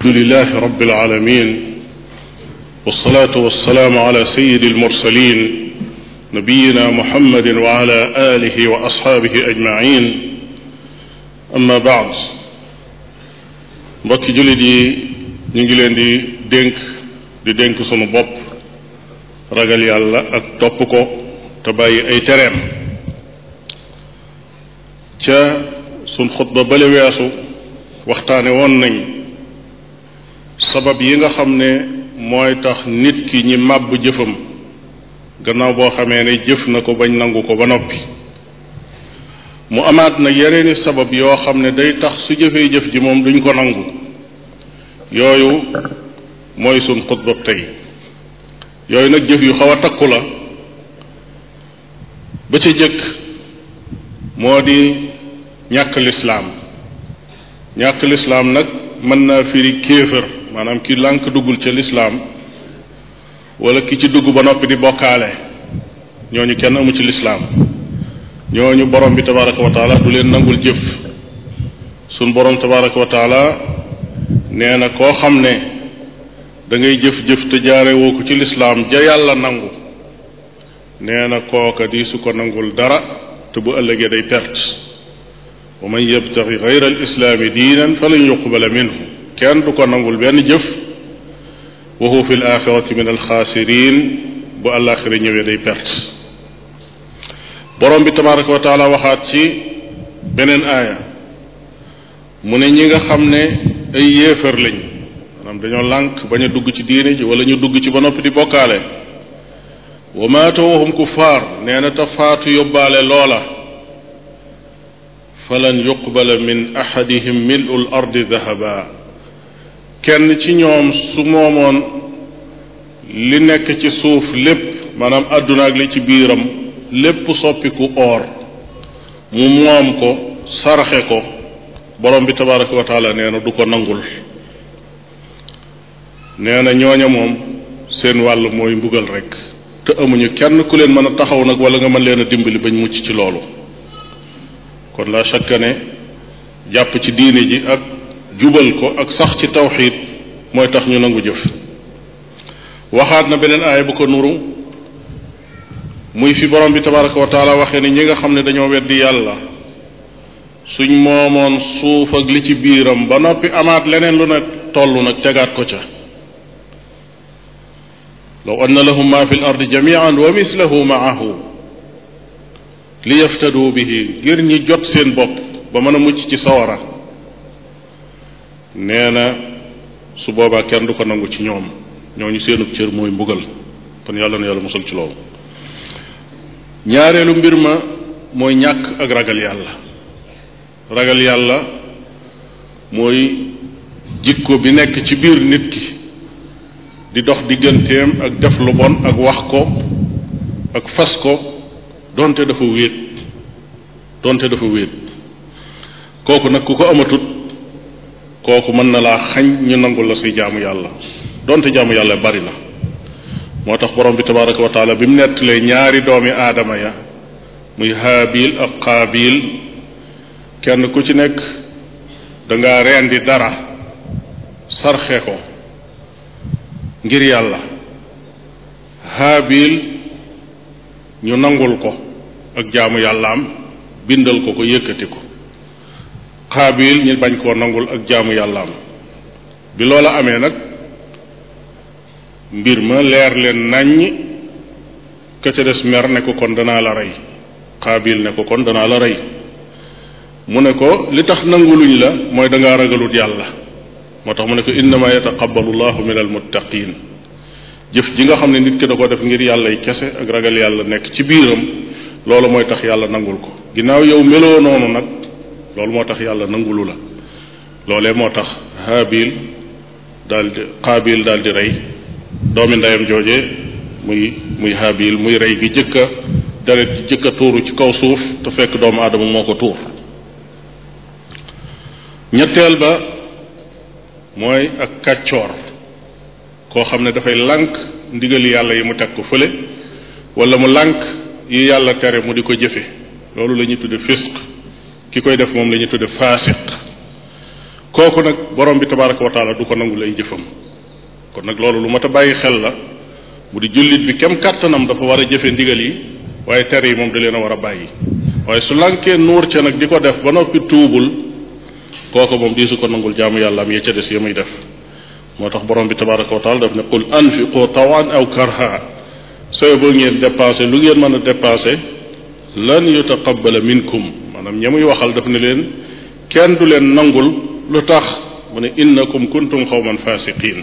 alhamdulilahi rabbil aalamiin wasalaatu wasalaamu ala sayyidil mursaliin nabiyyinaa muhammadin wa ala aalihi wa asxaabihi ajmaciin amma baad mbokki jullit yi ñu ngi leen di dénk di dénk sunu bopp ragal yàlla ak topp ko te bàyyi ay tereem ca sunu xutba bale weesu waxtaane woon nañ sabab yi nga xam ne mooy tax nit ki ñi màbb jëfam gannaaw boo xamee ne jëf na ko bañ nangu ko ba noppi mu amaat nag yeneeni sabab yoo xam ne day tax su jëfee jëf ji moom duñ ko nangu yooyu mooy suñ xutba tey yooyu nag jëf yu xaw a takku la ba ca jëkk moo di ñàkk lislaam ñàkk lislaam nag mën naa firi kéefër maanaam ki lànk duggul ca lislaam wala ki ci dugg ba noppi di bokkaale ñooñu kenn amu ci lislaam ñooñu borom bi tabaraka wa taala du leen nangul jëf suñ borom tabaraka wa taala nee na koo xam ne dangay ngay jëf-jëf te jaare ko ci lislaam ja yàlla nangu nee na kooka di su ko nangul dara te bu ëllëgee day perte wa man yabtaxi gayra al islaami diinan falan yuqbala minu kenn du ko nangul benn jëf wa huwa fi l min alxaasirin bu àllaaxira ñëwee day perte borom bi tabaraka wa taala waxaat ci beneen aaya mu ne ñi nga xam ne ay yéefar lañ maanaam dañoo lànk bañ a dugg ci diine ji wala ñu dugg ci ba noppi di bokkaale wa maata wahum kuffaar nee na faatu yóbbaale loola falan yuqbala min ahadihim milu l ardi kenn ci ñoom su moomoon li nekk ci suuf lépp maanaam àdduna ak li ci biiram lépp soppiku or mu moom ko sarxe ko boroom bi tabaraka wa taala nee na du ko nangul nee na ñooña moom seen wàll mooy mbugal rek te amuñu kenn ku leen mën a taxaw nag wala nga mën leen a dimbali bañ mucc ci loolu kon la chaque ne jàpp ci diine ji ak jubal ko ak sax ci tawxiit mooy tax ñu nangu jëf waxaat na beneen aaya bu ko nuru muy fi borom bi tabaraka wa taala waxee ni ñi nga xam ne dañoo weddi yàlla suñ moomoon suuf ak li ci biiram ba noppi amaat leneen lu nag toll nag tegaat ko ca law anna lahum ma fi l ardi jamian wa mislahu maahu li yaftaduu bihi ngir ñi jot seen bopp ba mën a mucc ci sawara nee na su boobaa kenn du ko nangu ci ñoom ñooñu seenu cër mooy mbugal kon yàlla na yàlla musal ci loolu ñaareelu mbir ma mooy ñàkk ak ragal yàlla ragal yàlla mooy jikko bi nekk ci biir nit ki di dox digganteem ak def lu bon ak wax ko ak fas ko doonte dafa wéet donte dafa wéet kooku nag ku ko amatut kooku mën na laa xañ ñu nangul la say jaamu yàlla donte jaamu yàlla bari moo tax borom bi tabaraka wa taala bi mu nettalee ñaari doomi aadama ya muy haabil ak qaabil kenn ku ci nekk danga rendi dara sarxe ko ngir yàlla haabil ñu nangul ko ak jaamu yàlla am bindal ko ko yëkkati ko xaabil ñu bañ koo nangul ak jaamu yàllaam bi loola amee nag mbir ma leer leen nàññ ka ca des mer ne ko kon danaa la rey xaabil ne ko kon dana la rey mu ne ko li tax nanguluñ la mooy dangaa ragalut yàlla moo tax mu ne ko innama yataqabbalu llahu min almuttaqin jëf ji nga xam ne nit ki da ko def ngir yàllay yi kese ak ragal yàlla nekk ci biiram loolu mooy tax yàlla nangul ko ginnaaw yow meloo nag loolu moo tax yàlla nangulu la loolee moo tax haabil daal di qaabil daal di rey doomi ndeyam jooje muy muy haabil muy rey bi jëkk deret ji jëkk a tuuru ci kaw suuf te fekk doomu aadama moo ko tuur ñetteel ba mooy ak kàccoor koo xam ne dafay lànk ndigali yàlla yi mu teg ko fële wala mu lànk yi yàlla tere mu di ko jëfe loolu la ñuy tudde ki koy def moom la ñuy tudde faasiq kooku nag borom bi tabaraka wa taala du ko nangul ay jëfam kon nag loolu lu mat a bàyyi xel la bu di jullit bi kem kàttanam dafa war a jëfe ndigal yi waaye ter yi moom da leen a war a bàyyi waaye su lànkee nuur ca nag di ko def ba noppi tuubul kooku moom diisu ko nangul jaamu yàlla am ya ca des ya muy def moo tax borom bi tabaraka wa taala daf ne qul anfiqu tawan aw karha sooy boo ngeen dépensé lu ngeen mën a dépensé lan yutaqabala minkum maanaam ña muy waxal daf ne leen kenn du leen nangul lu tax mu ne innakum kuntum xawman fasiqin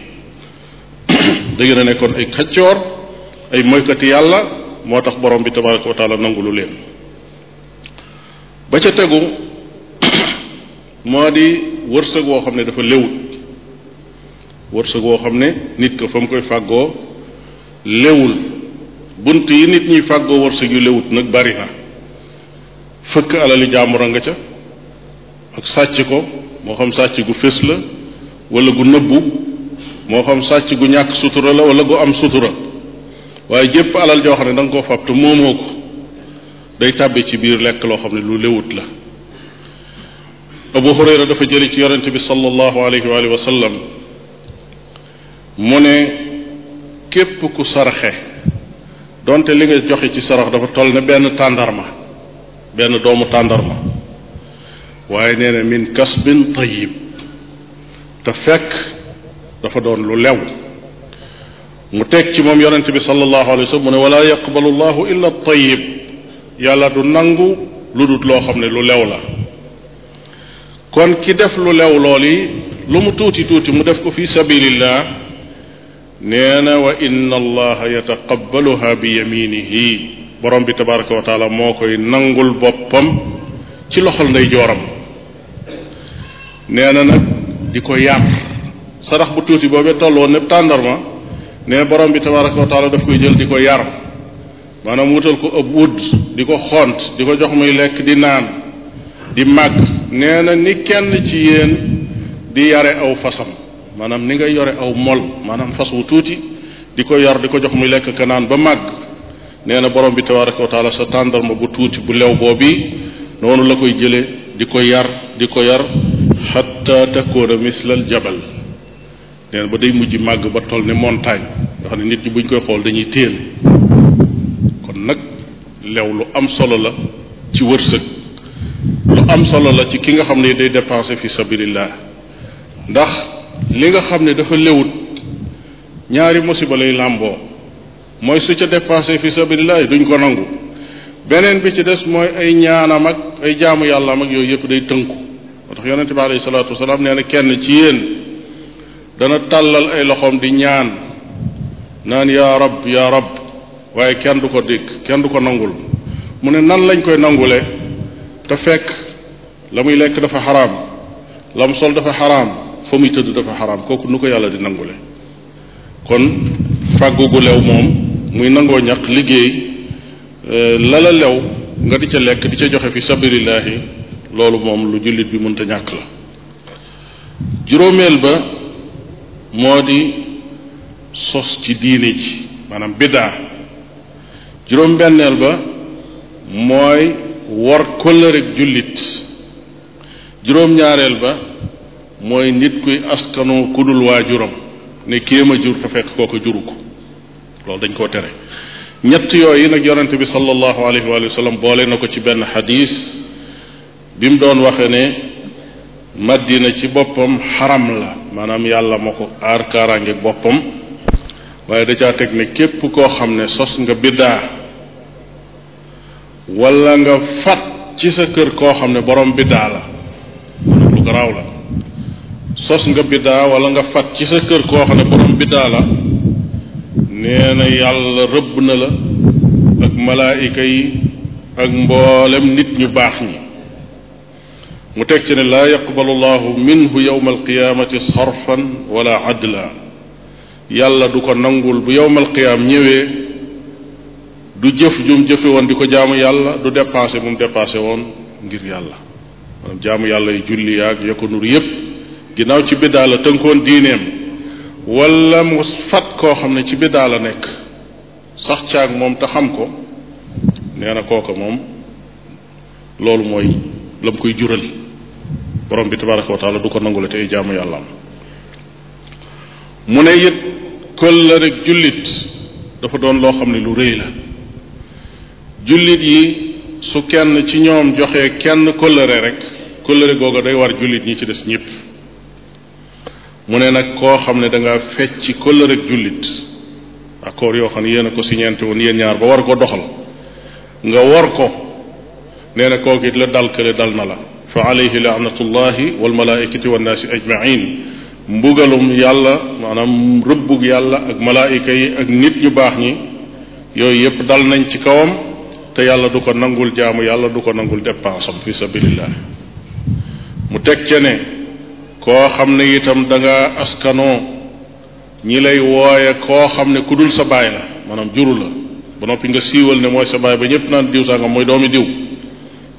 dëgg na nekkoon ay xaccoor ay moykati yàlla moo tax borom bi tabaraka wa taala nangulu leen ba ca tegu moo di wërsëg woo xam ne dafa léwut wërsëg woo xam ne nit ko fa mu koy fàggoo léwul bunt yi nit ñuy fàggoo wërsëg yu léwut nag bari na fëkk alali jàmbur a nga ca ak sàcc ko moo xam sàcc gu fés la wala gu nëbbu moo xam sàcc gu ñàkk sutura la wala gu am sutura waaye jépp alal joo xam ne danga nga koo fab te moomoo ko day tàbbi ci biir lekk loo xam ne lu léwut la abu hurayra dafa jëli ci yonente bi sallallahu alayhi wa sallam mu ne képp ku saraxe donte li nga joxe ci sarax dafa toll ne benn tàndarma benn doomu tàndarma waaye nee na min kasbin tayyib te dafa doon lu lew mu teg ci moom yonente bi sallallahu alayhi wa sallam mu ne wala yaqbalu llahu illa tayyib yàlla du nangu lu loo xam ne lu lew la kon ki def lu lew looli yi lu mu tuuti tuuti mu def ko fi sabilillah nee na wa inna allaha yataqabbaluha bi yaminihi borom bi tabaraka wa taala moo koy nangul boppam ci loxol nday jooram nee na nag di ko yar sarax bu tuuti boobee tolloon népp tàndarma ne borom bi tabaraka wa taala daf koy jël di ko yar maanaam wutal ko ëpp wut di ko xont di ko jox muy lekk di naan di màgg nee na ni kenn ci yéen di yare aw fasam maanaam ni ngay yore aw mol maanaam fas wu tuuti di ko yar di ko jox muy lekk ka naan ba màgg nee na borom bi tabaraka wa taala sa tàndarma bu tuuti bu lew boobi noonu la koy jële di ko yar di ko yar xatta takoona mislal jabal nee ba day mujj màgg ba toll ne montagne nga xam ne nit ñi buñ koy xool dañuy téel kon nag lew lu am solo la ci wërsëg lu am solo la ci ki nga xam ne day dépensé fi sabilillah ndax li nga xam ne dafa lewut ñaari musiba lay làmboo mooy su ca dépensé fi sabilillahi duñ ko nangu beneen bi ci des mooy ay ñaanam mag ay jaamu yàllaam mag yooyu yëpp day tënku moo tax yonente bi alayhi salaatu wasalaam nee na kenn ci yéen dana tàllal ay loxoom di ñaan naan yaa rab yaa rab waaye kenn du ko dikk kenn du ko nangul mu ne nan lañ koy nangule te fekk la muy lekk dafa xaraam lam sol dafa xaraam fa muy tëdd dafa xaraam kooku nu ko yàlla di nangule kon fàggu lew moom muy nangoo ñaq liggéey lala euh, lew nga di ca lekk di ca joxe fi sabilillahi loolu moom lu jullit bi mënta ñàkk la juróomeel ba moo di sos ci maanaam biddaa juróom benneel ba mooy war kóllëreeg jullit juróom ñaareel ba mooy nit kuy askanoo kudul juróom ne kéema jur te fekk kooku juru ko loolu dañ koo tere ñett yooyu nag yonente bi sallallahu alayhi wa sallam boole na ko ci benn xadis bi mu doon waxe ne madina ci boppam xaram la maanaam yàlla moo ko aar kaaraange boppam waaye da caa teg ne képp koo xam ne sos nga biddaa wala nga fat ci sa kër koo xam ne borom biddaa la lu la sos nga biddaa wala nga fat ci sa kër koo xam ne borom biddaa la nee na yàlla rëbb na la ak malaayika yi ak mboolem nit ñu baax ñi mu teg ci ne laa yaqbalu llahu minhu yowma alqiyaamati sarfan wala adla yàlla du ko nangul bu yowma alqiyaam ñëwee du jëf jum jëfe woon di ko jaamu yàlla du dépassé mum dépassé woon ngir yàlla maanaam jaamu yàlla yi julli yaag ya ko nur yépp ginnaaw ci biddaa la tënkoon diineem wala mu fat koo xam ne ci biddaa la nekk sax caag moom te xam ko nee na kooka moom loolu mooy la koy jural borom bi tabaraka wa taala du ko nangule te ay jaamu yàlla am mu ne it këlla jullit dafa doon loo xam ne lu rëy la jullit yi su kenn ci ñoom joxe kenn kóllëre rek kóllëre googa day war jullit ñi ci des ñëpp mu ne nag koo xam ne danga ngaa fecc kóllëre ak jullit accord yoo xam ne yéen a ko signante woon yéen ñaar ba war ko doxal nga war ko nee na kooku it la dal kële dal na la fa alayhi laanatullahi walmalaaikati wannaasi ajmain mbugalum yàlla maanaam rëbbug yàlla ak malaayika yi ak nit ñu baax ñi yooyu yépp dal nañ ci kawam te yàlla du ko nangul jaamu yàlla du ko nangul dépensam fi sabilillah mu teg ca ne koo xam ne itam danga askanoo ñi lay wooye koo xam ne ku dul sa baay la maanaam juru la ba noppi nga siiwal ne mooy sa baay ba ñëpp naan diw sangam mooy doomi diw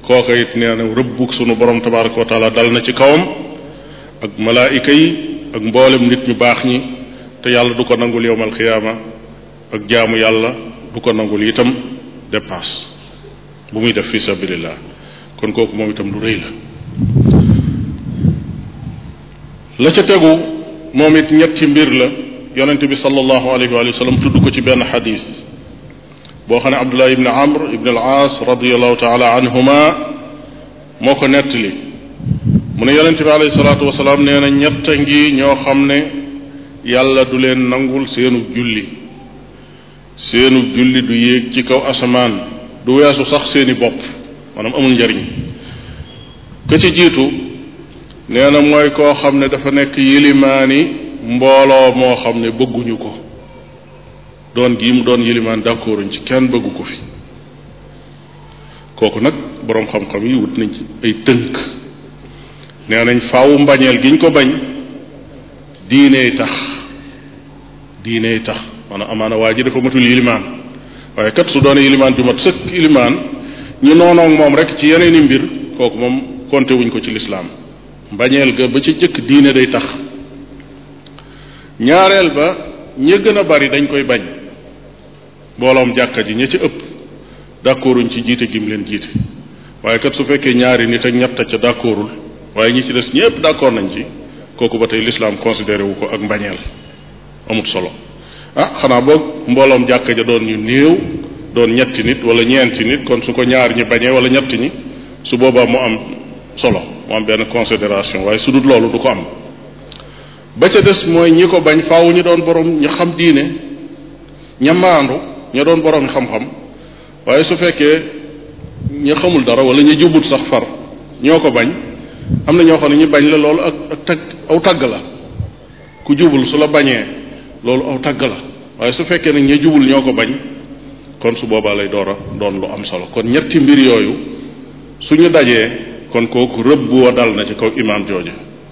kooka it nee na rëbbug sunu borom tabaraka wa taala dal na ci kawam ak malaayika yi ak mboolem nit ñu baax ñi te yàlla du ko nangul yowmal xiyaama ak jaamu yàlla du ko nangul itam dépense bu muy def fi sabilillah kon kooku moom itam lu rëy la la ca tegu moom it ñetti mbir la yonent bi sallallahu alayhi wa sallam tudd ko ci benn xadis boo xam ne Abdullah ibn Amr ibn al-Aas radiyallahu taala anhuma moo ko nettali mu ne yonent bi alayhi salaatu wa nee na ñett ngi ñoo xam ne yàlla du leen nangul seenu julli seenu julli du yéeg ci kaw asamaan du weesu sax seeni bopp maanaam amul njariñ ka ci jiitu. nee na mooy koo xam ne dafa nekk yilimaani mbooloo moo xam ne bëgguñu ko doon gii mu doon yilimaan d'accorduñ ci kenn bëggu ko fi kooku nag boroom xam-xam yi wut nañ ci ay tënk nee nañ faaw mbañeel giñ ko bañ diiney tax diiney tax maanaam amaana waa ji dafa matul yilimaan waaye kat su doonee yilimaan ju mat sëkk yilimaan ñu noonoog moom rek ci yeneen yeneeni mbir kooku moom konte wuñ ko ci lislaam mbañeel ga ba ca jëkk diine day tax ñaareel ba ña gën a bari dañ koy bañ mbooloom jàkka ji ña ci ëpp d'accorduñ ci jiite gim leen jiite waaye kat su fekkee ñaari nit ak ñett ca d'accordul waaye ñi ci des ñépp d'accord nañ ci kooku ba tey l'islam considéré wu ko ak mbañeel amut solo ah xanaa boog mbooloom jàkka ja doon ñu néew doon ñetti nit wala ñeenti nit kon su ko ñaar ñi bañee wala ñett ñi su boobaa mu am solo mu benn considération waaye su dul loolu du ko am ba ca des mooy ñi ko bañ faaw ñu doon borom ñu xam diine ña maandu ña doon borom xam-xam waaye su fekkee ña xamul dara wala ña jubut sax far ñoo ko bañ am na ñoo xam ne ñu bañ la loolu ak ak tag aw tagg la ku jubul su la bañee loolu aw tagg la waaye su fekkee nag ña jubul ñoo ko bañ kon su boobaa lay doora doon lu am solo kon ñetti mbir yooyu suñu dajee kon kooku rëbb woo dal na ci kaw imaam jooju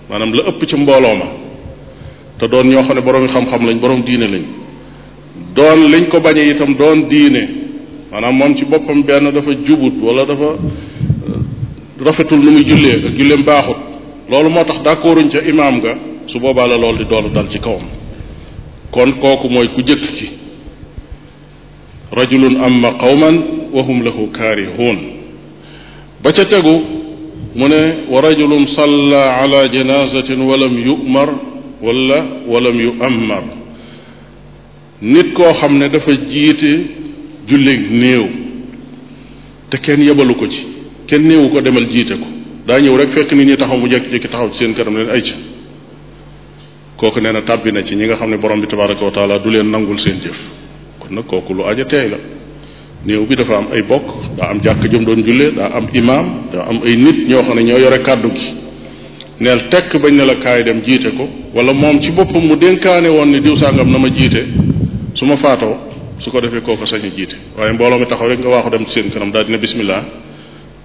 maanaam la ëpp ci mbooloo ma te doon ñoo xam ne boroom xam-xam lañ boroom diine lañ doon liñ ko bañee itam doon diine maanaam moom ci boppam benn dafa jubut wala dafa rafetul nu muy jullee ak julleem baaxut loolu moo tax d'accorduñ ca imaam nga su boobaa la loolu di doolu dal ci kawam kon kooku mooy ku jëkk ci rajulun amma qawman wa hum lahu kaarihuun ba ca tegu mu ne wa rajulun salla ala janazatin walam yumar wala walam yuammar nit koo xam ne dafa jiite jullig néew te kenn yebalu ko ci kenn néewu ko demal jiite ko daa ñëw rek fekk nit ñi taxaw mu jekki-jekki taxaw ci seen kanam leen ay ca kooku nee na tàbbi ci ñi nga xam ne borom bi tabaraka wa du leen nangul seen jëf kon nag kooku lu aja teey la néew bi dafa am ay bokk daa am jàkk jëm doon jullee daa am imaam daa am ay nit ñoo xam ne ñoo yore kàddu gi neel tekk bañ ne la kaay dem jiite ko wala moom ci boppam mu dénkaane woon ni diw na ma jiite su ma faatoo su ko defee kooku sañ a jiite waaye mbooloo mi taxaw rek nga waaxu dem seen kanam daal dina bismillah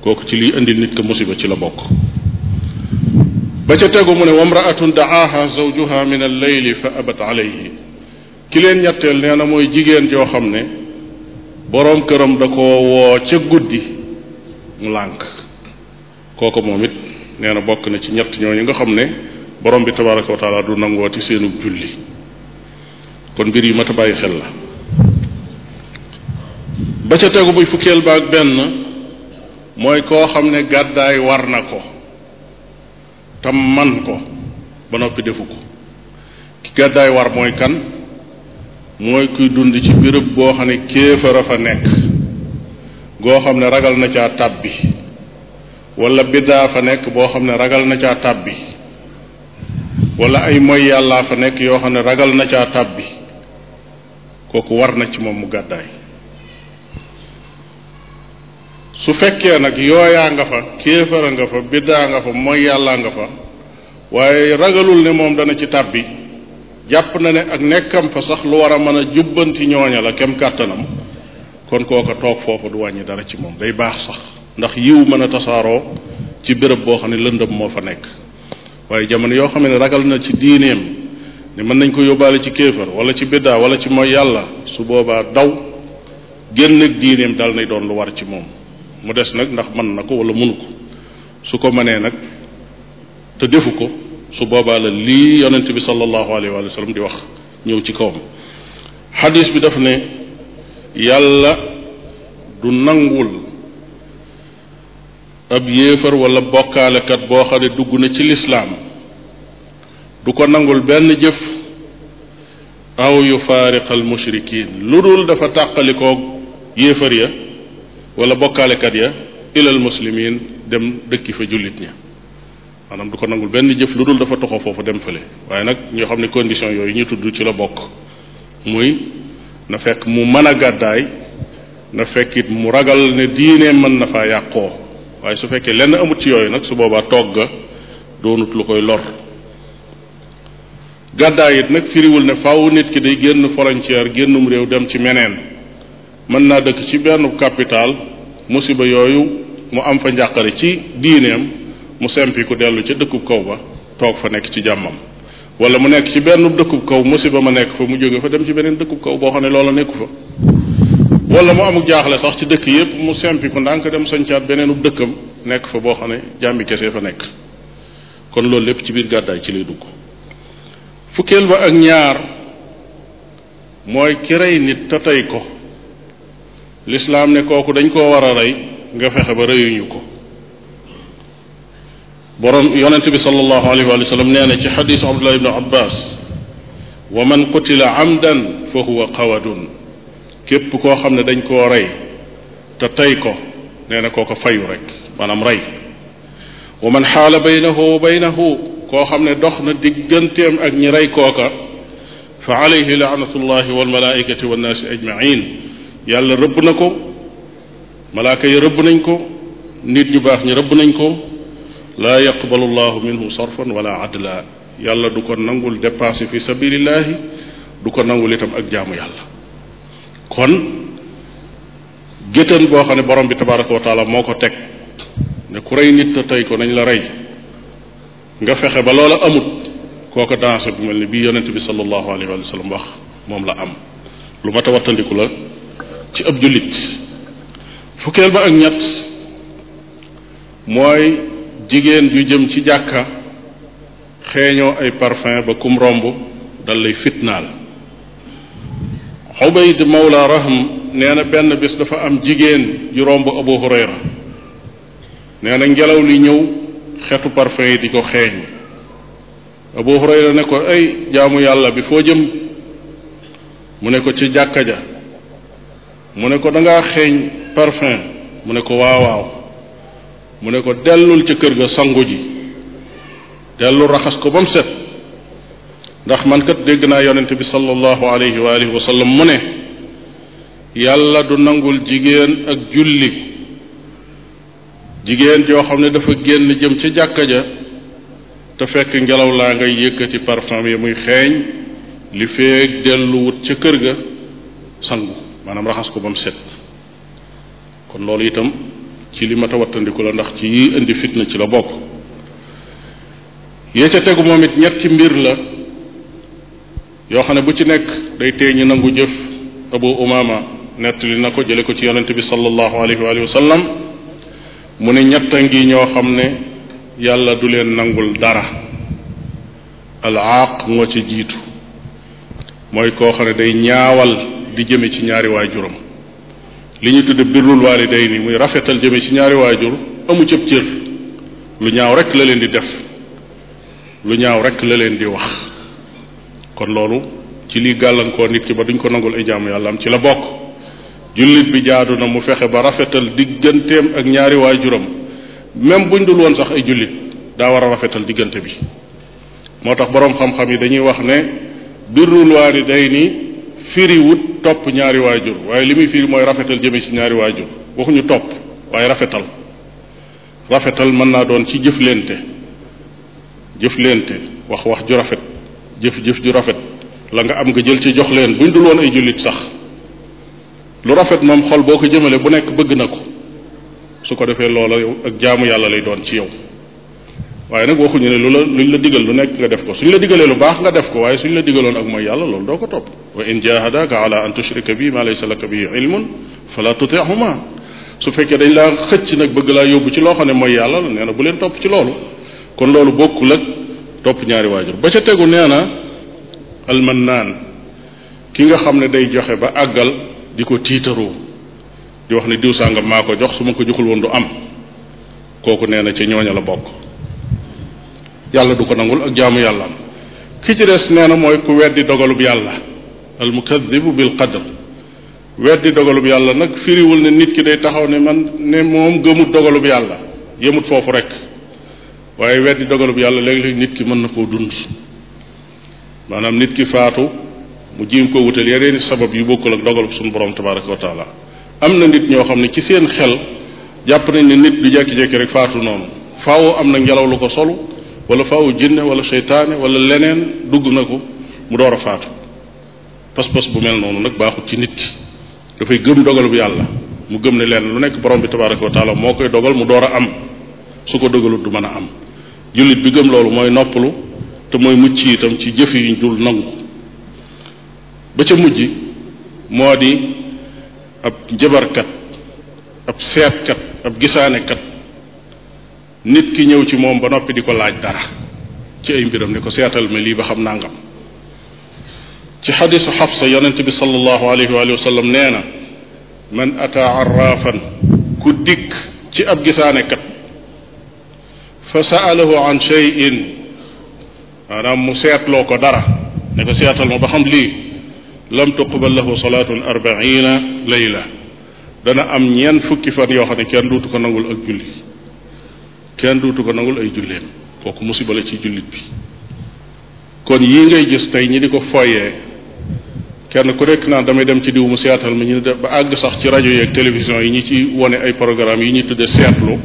kooku ci liy indil nit ko musiba ci la bokk ba ca tegu mu ne wamraatun daaha zawjuha min al leyli fa abat alayhi ki leen ñetteel nee na mooy jigéen joo xam ne boroom këram da ko woo ca guddi mu lànk kooku moom it nee na bokk na ci ñett ñooñu nga xam ne borom bi tabaraka wa taala du ti seenu julli kon mbir yi mat a bàyyi xel la ba ca tegu buy fukkeel ba ak benn mooy koo xam ne gàddaay war na ko tam man ko ba noppi defu ko ki gàddaay war mooy kan mooy kuy dund ci béréb boo xam ne kéefar a fa nekk goo xam ne ragal na caa tàbbi wala biddaa fa nekk boo xam ne ragal na caa tàbbi wala ay moy nekk yoo xam ne ragal na caa tàbbi kooku war na ci moom mu gàddaay su fekkee nag yooyaa nga fa kéefara nga fa biddaa nga fa moy yàllaa nga fa waaye ragalul ne moom dana ci tàbbi jàpp na ne ak nekkam fa sax lu war a mën a jubbanti ñooña la kem kàttanam kon kooka toog foofu du wàññi dara ci moom day baax sax ndax yiw mën a tasaaroo ci bërëb boo xam ne lëndëm moo fa nekk waaye jamono yoo xam ne ragal na ci diineem ne mën nañ ko yóbbaale ci kéefar wala ci biddaa wala ci mooy yàlla su boobaa daw génn ak diineem dal nay doon lu war ci moom mu des nag ndax mën na ko wala mënu ko su ko mënee nag te defu ko su boobaa la lii yonent bi sallallahu alayhi wa di wax ñëw ci kawam xadis bi daf ne yàlla du nangul ab yéefar wala bokkaalekat boo xam ne dugg na ci lislaam du ko nangul benn jëf aw yu faariqal mushrikin lu dul dafa tàqalikoog yéefar ya wala bokkaalekat ya ilal muslimin dem dëkki fa jullit ña maanaam du ko nangul benn jëf lu dul dafa toxoo foofu dem fële waaye nag ñoo xam ne condition yooyu ñu tudd ci la bokk muy na fekk mu mën a gàddaay na fekk it mu ragal ne diine mën na faa yàqoo waaye su fekkee lenn amut ci yooyu nag su boobaa toog ga doonut lu koy lor gàddaay it nag firiwul ne faaw nit ki day génn frontière génnum réew dem ci meneen mën naa dëkk ci bennu capital musiba yooyu mu am fa njàqare ci diineem mu sempi ku dellu ca dëkkub kaw ba toog fa nekk ci jàmmam wala mu nekk ci benn dëkkub kaw musiba ma nekk fa mu jóge fa dem ci beneen dëkkub kaw boo xam ne loola nekku fa wala mu amuk jaaxle sax ci dëkk yépp mu sempi ku ndànk dem sañcaat beneenub dëkkam nekk fa boo xam ne jàmbi kese fa nekk kon loolu lépp ci biir gàddaay ci lay dugg fukkeel ba ak ñaar mooy ki rey nit te tey ko lislaam ne kooku dañ koo war a rey nga fexe ba reyuñu ko borom yonent bi sallallahu alayhi wa sallam nee na ci xadisu abdullah ibnu abbas wa man qutila amdan fa huwa qawadun képp koo xam ne dañ koo rey te tey ko nee na kooko fayu rek maanaam rey wa man xaala baynahu wa baynahu koo xam ne dox na digganteem ak ñi rey kooka fa alayhi laanatullahi walmalaaikati wannaasi ajmain yàlla rëbb na ko malaaka yi rëbb nañ ko nit ñu baax ñi rëbb nañ ko laa yaqbalu llahu minhu sarfan wala adla yàlla du ko nangul dépenser fi sabilillahi du ko nangul itam ak jaamu yàlla kon géttan boo xam ne borom bi tabaraka wa taala moo ko teg ne ku rey nit te tey ko nañ la rey nga fexe ba loola amut kooko dansé bu mel ni bii yonent bi sallallahu alayhi wa wax moom la am lu mat a la ci ab jullit fukkeel ba ak ñett mooy jigéen ju jëm ci jàkka xeeñoo ay parfum ba kum romb dal lay fitnaal Ubayd Mawla Rahm nee na benn bis dafa am jigéen ju romb Abu Hurayra nee na ngelaw li ñëw xetu parfum yi di ko xeeñu Abu Hurayra ne ko ay jaamu yàlla bi foo jëm mu ne ko ci jàkka ja mu ne ko danga xeeñ parfum mu ne ko waawaaw mu ne ko dellul ca kër ga sangu ji dellu raxas ko ba mu set ndax man kat dégg naa yonente bi sallallahu alayhi wa alihi wa mu ne yàlla du nangul jigéen ak julli jigéen joo xam ne dafa génn jëm ca jàkka ja te fekk ngelaw laa ngay yëkkati parfum yi muy xeeñ li feeg delluwut ca kër ga sangu maanaam raxas ko ba mu set kon loolu itam ci li mat a wattandiku la ndax ci yi indi fitna ci la bokk yee ca tegu moom it ñetti mbir la yoo xam ne bu ci nekk day tee ñu nangu jëf abu nett nettali na ko jële ko ci yonente bi sallallahu alayhi wa sallam mu ne ñetta ngi ñoo xam ne yàlla du leen nangul dara al aaq moo ci jiitu mooy koo xam ne day ñaawal di jëme ci ñaari waajuram li ñu tudd birrul nii muy rafetal jëme ci ñaari waajur amu cëb cër lu ñaaw rek la leen di def lu ñaaw rek la leen di wax kon loolu ci liy gàllankoo nit ki ba duñ ko nangul ay jaamu yàlla am ci la bokk jullit bi jaadu na mu fexe ba rafetal digganteem ak ñaari waajuram même buñ dul woon sax ay jullit daa war a rafetal diggante bi moo tax boroom xam-xam yi dañuy wax ne birrul waalidayni firi wut topp ñaari waajur waaye li muy firi mooy rafetal jëme ci ñaari waajur waxuñu topp waaye rafetal rafetal mën naa doon ci jëflente jëflente wax wax ju rafet jëf-jëf ju rafet la nga am nga jël ci jox leen buñ dul woon ay jullit sax lu rafet moom xol boo ko jëmalee bu nekk bëgg na ko su ko defee loola ak jaamu yàlla lay doon ci yow waaye nag waxuñu ne lu la luñ la digal lu nekk nga def ko suñ la digalee lu baax nga def ko waaye suñ la digaloon ak mooy yàlla loolu doo ko topp wa in jahadaka ala an tushrika bi ma laysa laka bi ilmun fala tutihuma su fekkee dañ laa xëcc nag bëgg laa yóbbu ci loo xam ne mooy yàlla nee na bu leen topp ci loolu kon loolu bokkul ak topp ñaari waajur ba ca tegu nee na almannaan ki nga xam ne day joxe ba àggal di ko tiitaru di wax ne diw sàngam maa ko jox su ma ko joxul woon du am kooku nee na ca ñooña la bokk yàlla du ko nangul ak jaamu am ki ci des nee na mooy ku weddi dogalub yàlla al mukadibu bil qadr weddi dogalub yàlla nag firiwul ne nit ki day taxaw ne man ne moom gëmut dogalub yàlla yëmut foofu rek waaye weddi dogalub yàlla léegi léeg nit ki mën na koo dund maanaam nit ki faatu mu jiim koo wutal yeneeni sabab yu bokkul ak dogalub suñu borom tabaraka wa taala am na nit ñoo xam ne ci seen xel jàpp nañ ne nit du jekki-jekki rek faatu noonu faaw am na ngelaw lu ko solu wala faaw jinne wala seytaane wala leneen dugg na ko mu door a faatu pas-pas bu mel noonu nag baaxut ci nit ki dafay gëm dogal yàlla mu gëm ne leen lu nekk borom bi tabaraka wa taala moo koy dogal mu door a am su ko dogalut du mën a am jullit bi gëm loolu mooy noppalu te mooy mucc itam ci jëf yu dul nangu ba ca mujj moo di ab jabarkat ab seetkat ab gisaanekat nit ki ñëw ci moom ba noppi di ko laaj dara ci ay mbiram ne ko seetal ma lii ba xam nangam ci xadisu xafsa yonent bi sallallahu alayhi wa sallam nee na man ataa arraafan ku dikk ci ab gisaanekat fa saalahu an cheyin maanaam mu seetloo ko dara ne ko seetal ma ba xam lii lam tuqbal lahu salaatun arbaina layla dana am ñeen fukki fan yoo xam ne kenn duutu ko nangul ak julli kenn duutu ko nangul ay julleem kooku musiba la ci jullit bi kon yii ngay gis tey ñi di ko foyee kenn ku nekk naan damay dem ci diw mu seetal ma ñu def ba àgg sax ci rajo yeeg télévision yi ñi ci wone ay programme yi ñu tudde seetlu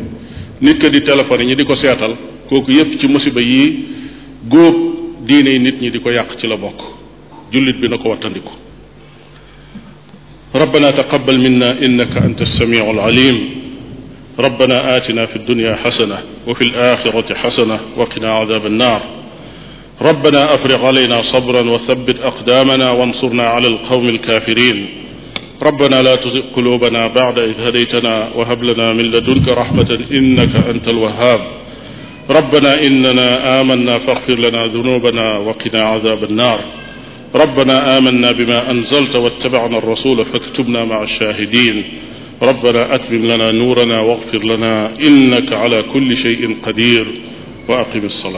nit ka di téléphone ñi di ko seetal kooku yépp ci musiba yi góob diine yi nit ñi di ko yàq ci la bokk jullit bi na ko wattandiku rabbana taqabbal minna innaka anta as-sami'u al-alim ربنا آتنا في الدنيا حسنة وفي الآخرة حسنة وقنا عذاب النار ربنا أفرغ علينا صبرا وثبت أقدامنا وانصرنا على القوم الكافرين ربنا لا تزغ قلوبنا بعد إذ هديتنا وهب لنا من لدنك رحمة إنك أنت الوهاب ربنا إننا آمنا فاغفر لنا ذنوبنا وقنا عذاب النار ربنا آمنا بما أنزلت واتبعنا الرسول فاكتبنا مع الشاهدين ربنا أتمم لنا نورنا واغفر لنا إنك على كل شيء قدير وأقم الصلاة